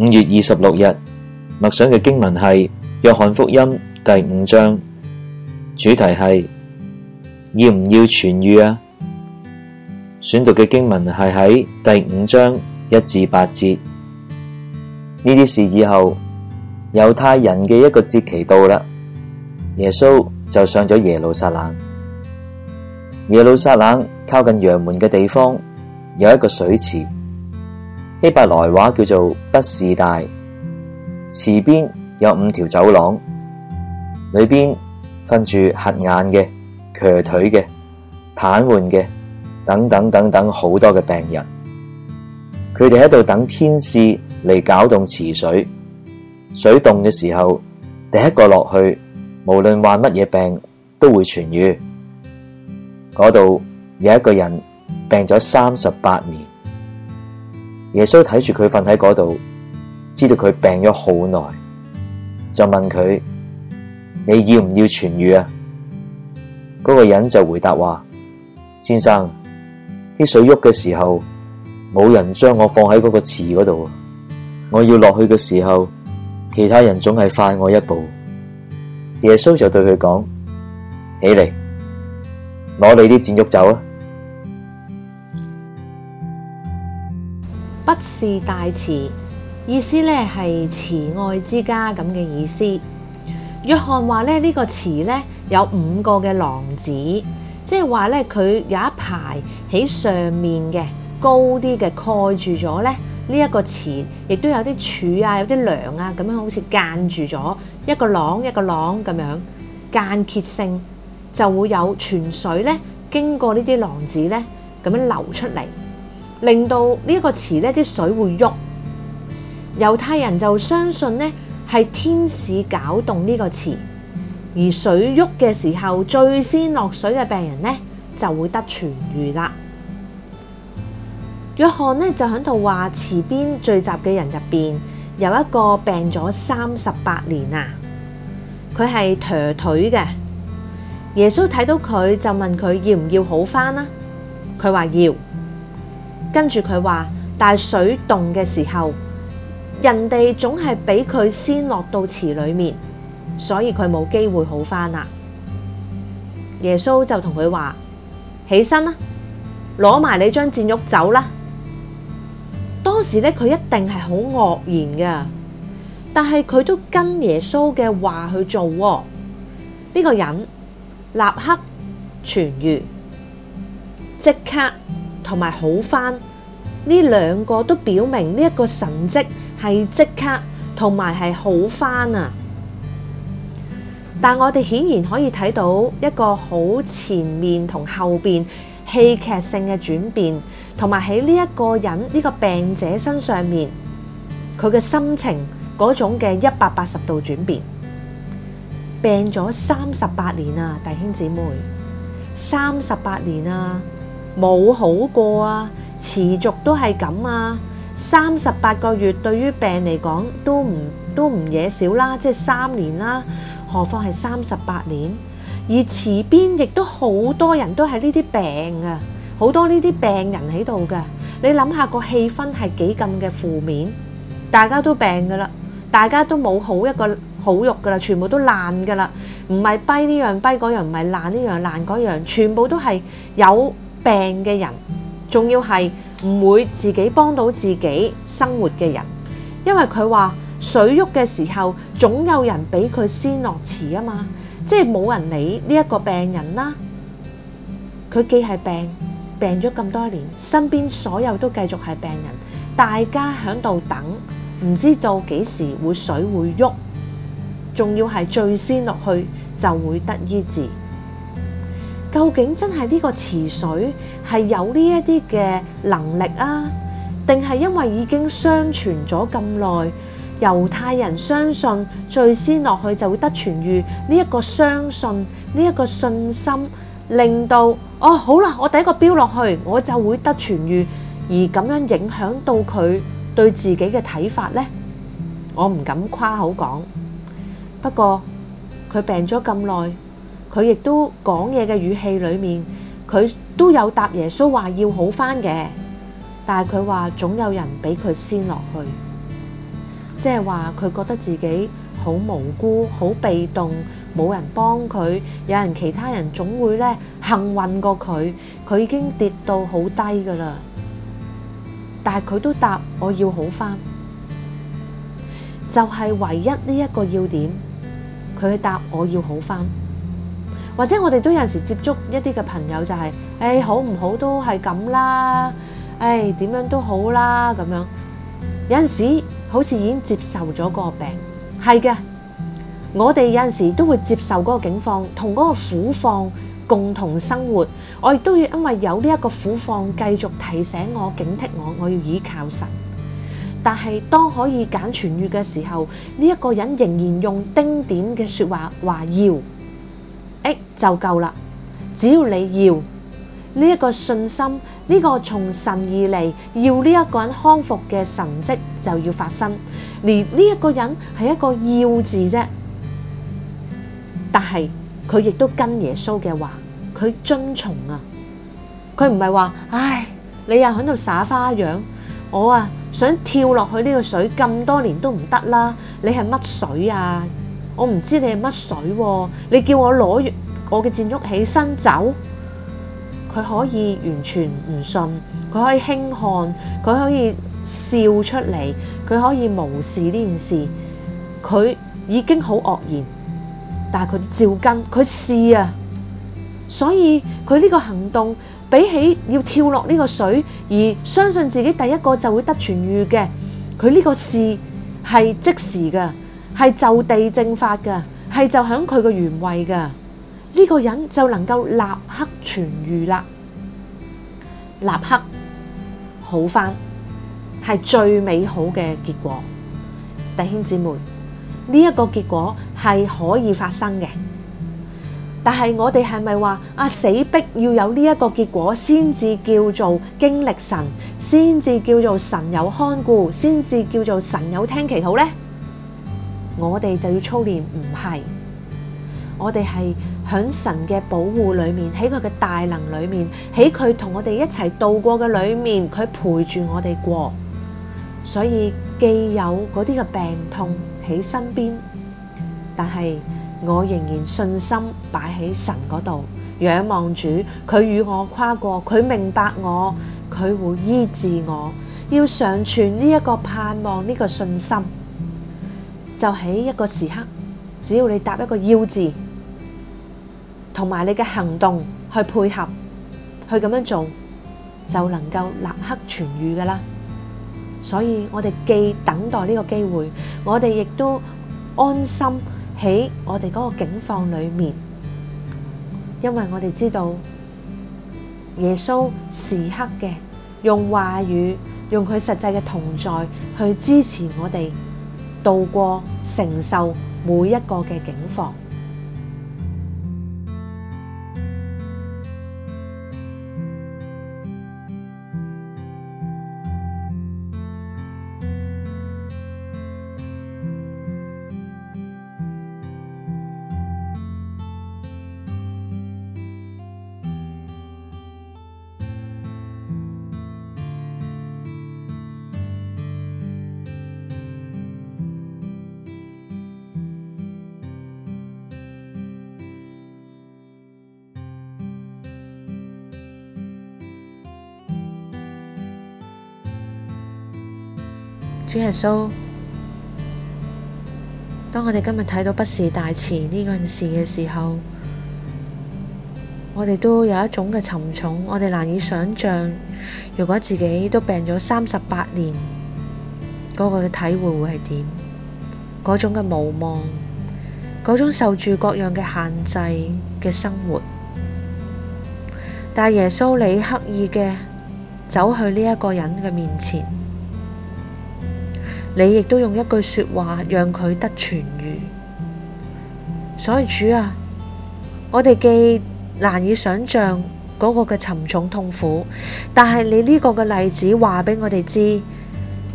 五月二十六日默想嘅經文係《約翰福音》第五章，主題係要唔要痊癒啊？選讀嘅經文係喺第五章一至八節。呢啲事以後猶太人嘅一個節期到啦，耶穌就上咗耶路撒冷。耶路撒冷靠近羊門嘅地方有一個水池。希伯來話叫做畢士大，池邊有五條走廊，裏邊瞓住瞎眼嘅、瘸腿嘅、癱瘓嘅，等等等等好多嘅病人，佢哋喺度等天使嚟攪動池水，水凍嘅時候，第一個落去，無論患乜嘢病都會痊癒。嗰度有一個人病咗三十八年。耶穌睇住佢瞓喺嗰度，知道佢病咗好耐，就問佢：你要唔要痊愈啊？嗰個人就回答話：先生，啲水喐嘅時候，冇人將我放喺嗰個池嗰度，我要落去嘅時候，其他人總係快我一步。耶穌就對佢講：起嚟，攞你啲箭喐走啊！不是大池，意思咧係慈愛之家咁嘅意思。約翰話咧呢、這個池咧有五個嘅廊子，即係話咧佢有一排喺上面嘅高啲嘅蓋住咗咧呢一、這個池，亦都有啲柱啊，有啲梁啊，咁樣好似間住咗一個廊一個廊咁樣。間歇性，就會有泉水咧經過呢啲廊子咧咁樣流出嚟。令到呢個池咧啲水會喐，猶太人就相信呢係天使攪動呢個池。而水喐嘅時候，最先落水嘅病人呢就會得痊愈啦。約翰呢就喺度話，池邊聚集嘅人入邊有一個病咗三十八年啊，佢係駝腿嘅。耶穌睇到佢就問佢要唔要好返啦，佢話要。跟住佢話，但係水凍嘅時候，人哋總係俾佢先落到池裏面，所以佢冇機會好返啦。耶穌就同佢話：起身啦，攞埋你張箭玉走啦。當時咧，佢一定係好愕然㗎，但係佢都跟耶穌嘅話去做。呢、這個人立刻痊愈，即刻。.同埋好翻，呢兩個都表明呢一個神蹟係即刻同埋係好翻啊。但我哋顯然可以睇到一個好前面同後邊戲劇性嘅轉變，同埋喺呢一個人呢、呢個病者身上面，佢嘅心情嗰種嘅一百八十度轉變，病咗三十八年啊，弟兄姊妹，三十八年啊！冇好過啊！持續都係咁啊！三十八個月對於病嚟講都唔都唔嘢少啦，即係三年啦，何況係三十八年？而池邊亦都好多人都係呢啲病啊，好多呢啲病人喺度㗎。你諗下個氣氛係幾咁嘅負面，大家都病噶啦，大家都冇好一個好肉噶啦，全部都爛噶啦，唔係跛呢樣跛嗰樣，唔係爛呢樣爛嗰樣，全部都係有。病嘅人，仲要係唔會自己幫到自己生活嘅人，因為佢話水喐嘅時候，總有人俾佢先落池啊嘛，即係冇人理呢一個病人啦。佢既係病，病咗咁多年，身邊所有都繼續係病人，大家喺度等，唔知道幾時會水會喐，仲要係最先落去就會得醫治。究竟真係呢個池水係有呢一啲嘅能力啊？定係因為已經相傳咗咁耐，猶太人相信最先落去就會得痊愈。呢一個相信，呢一個信心，令到哦，好啦，我第一個標落去，我就會得痊愈，而咁樣影響到佢對自己嘅睇法呢。我唔敢誇口講，不過佢病咗咁耐。佢亦都講嘢嘅語氣裏面，佢都有答耶穌話要好返嘅，但係佢話總有人俾佢先落去，即係話佢覺得自己好無辜、好被動，冇人幫佢，有人其他人總會咧幸運過佢，佢已經跌到好低㗎喇，但係佢都答我要好返，就係唯一呢一個要點，佢答我要好返。或者我哋都有陣時接觸一啲嘅朋友，就係，就、哎、係，誒好唔好都係咁啦，誒、哎、點樣都好啦咁樣。有陣時好似已經接受咗嗰個病，係嘅。我哋有陣時都會接受嗰個境況，同嗰個苦況共同生活。我亦都要因為有呢一個苦況，繼續提醒我警惕我，我要倚靠神。但係當可以揀痊癒嘅時候，呢、這、一個人仍然用丁點嘅説話話要。欸就夠啦。我唔知你係乜水喎，你叫我攞我嘅箭竹起身走，佢可以完全唔信，佢可以輕看，佢可以笑出嚟，佢可以無視呢件事，佢已經好愕然，但係佢照跟，佢試啊。所以佢呢個行動比起要跳落呢個水而相信自己第一個就會得痊癒嘅，佢呢個試係即時嘅。係就地正法㗎，係就響佢個原位㗎，呢個人就能夠立刻痊愈啦，立刻好返，係最美好嘅結果。弟兄姊妹，呢一個結果係可以發生嘅，但係我哋係咪話啊死逼要有呢一個結果先至叫做經歷神，先至叫做神有看顧，先至叫做神有聽祈禱呢？我哋就要操練，唔係我哋係響神嘅保護裏面，喺佢嘅大能裏面，喺佢同我哋一齊度過嘅裏面，佢陪住我哋過。所以既有嗰啲嘅病痛喺身邊，但係我仍然信心擺喺神嗰度，仰望主，佢與我跨過，佢明白我，佢會醫治我，要常存呢一個盼望，呢、呢個信心。就喺一個時刻，只要你答一個要字，同埋你嘅行動去配合，去咁樣做，就能夠立刻痊愈㗎喇。所以我哋既等待呢個機會，我哋亦都安心喺我哋嗰個境況裏面，因為我哋知道耶穌時刻嘅用話語，用佢實際嘅同在去支持我哋。度過承受每一個嘅境況。主耶穌，當我哋今日睇到畢士大池呢件事嘅時候，我哋都有一種嘅沉重，我哋難以想象，如果自己都病咗三十八年，嗰個嘅體會會係點？嗰種嘅無望，嗰種受住各樣嘅限制嘅生活，但耶穌你刻意嘅走去呢一個人嘅面前。你亦都用一句說話讓佢得痊愈，所以主啊，我哋既難以想象嗰個嘅沉重痛苦，但係你呢個嘅例子話俾我哋知，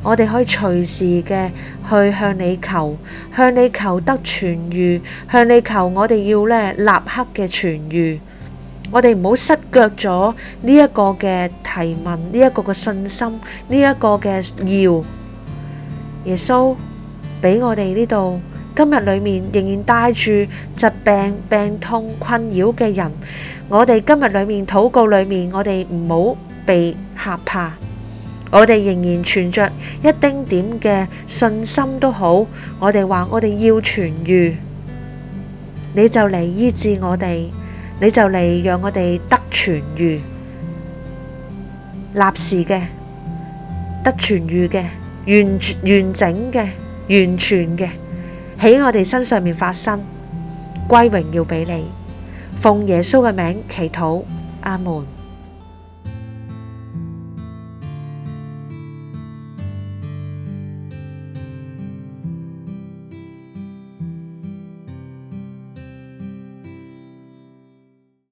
我哋可以隨時嘅去向你求，向你求得痊愈，向你求我哋要呢立刻嘅痊愈，我哋唔好失腳咗呢一個嘅提問，呢一個嘅信心，呢一個嘅要。耶穌畀我哋呢度今日裏面仍然帶住疾病病痛困擾嘅人，我哋今日裏面禱告裏面，我哋唔好被嚇怕，我哋仍然存着一丁點嘅信心都好，我哋話我哋要痊癒，你就嚟醫治我哋，你就嚟讓我哋得痊癒，立時嘅得痊癒嘅。完全完整嘅，完全嘅喺我哋身上面發生，歸榮耀俾你，奉耶穌嘅名祈禱，阿門。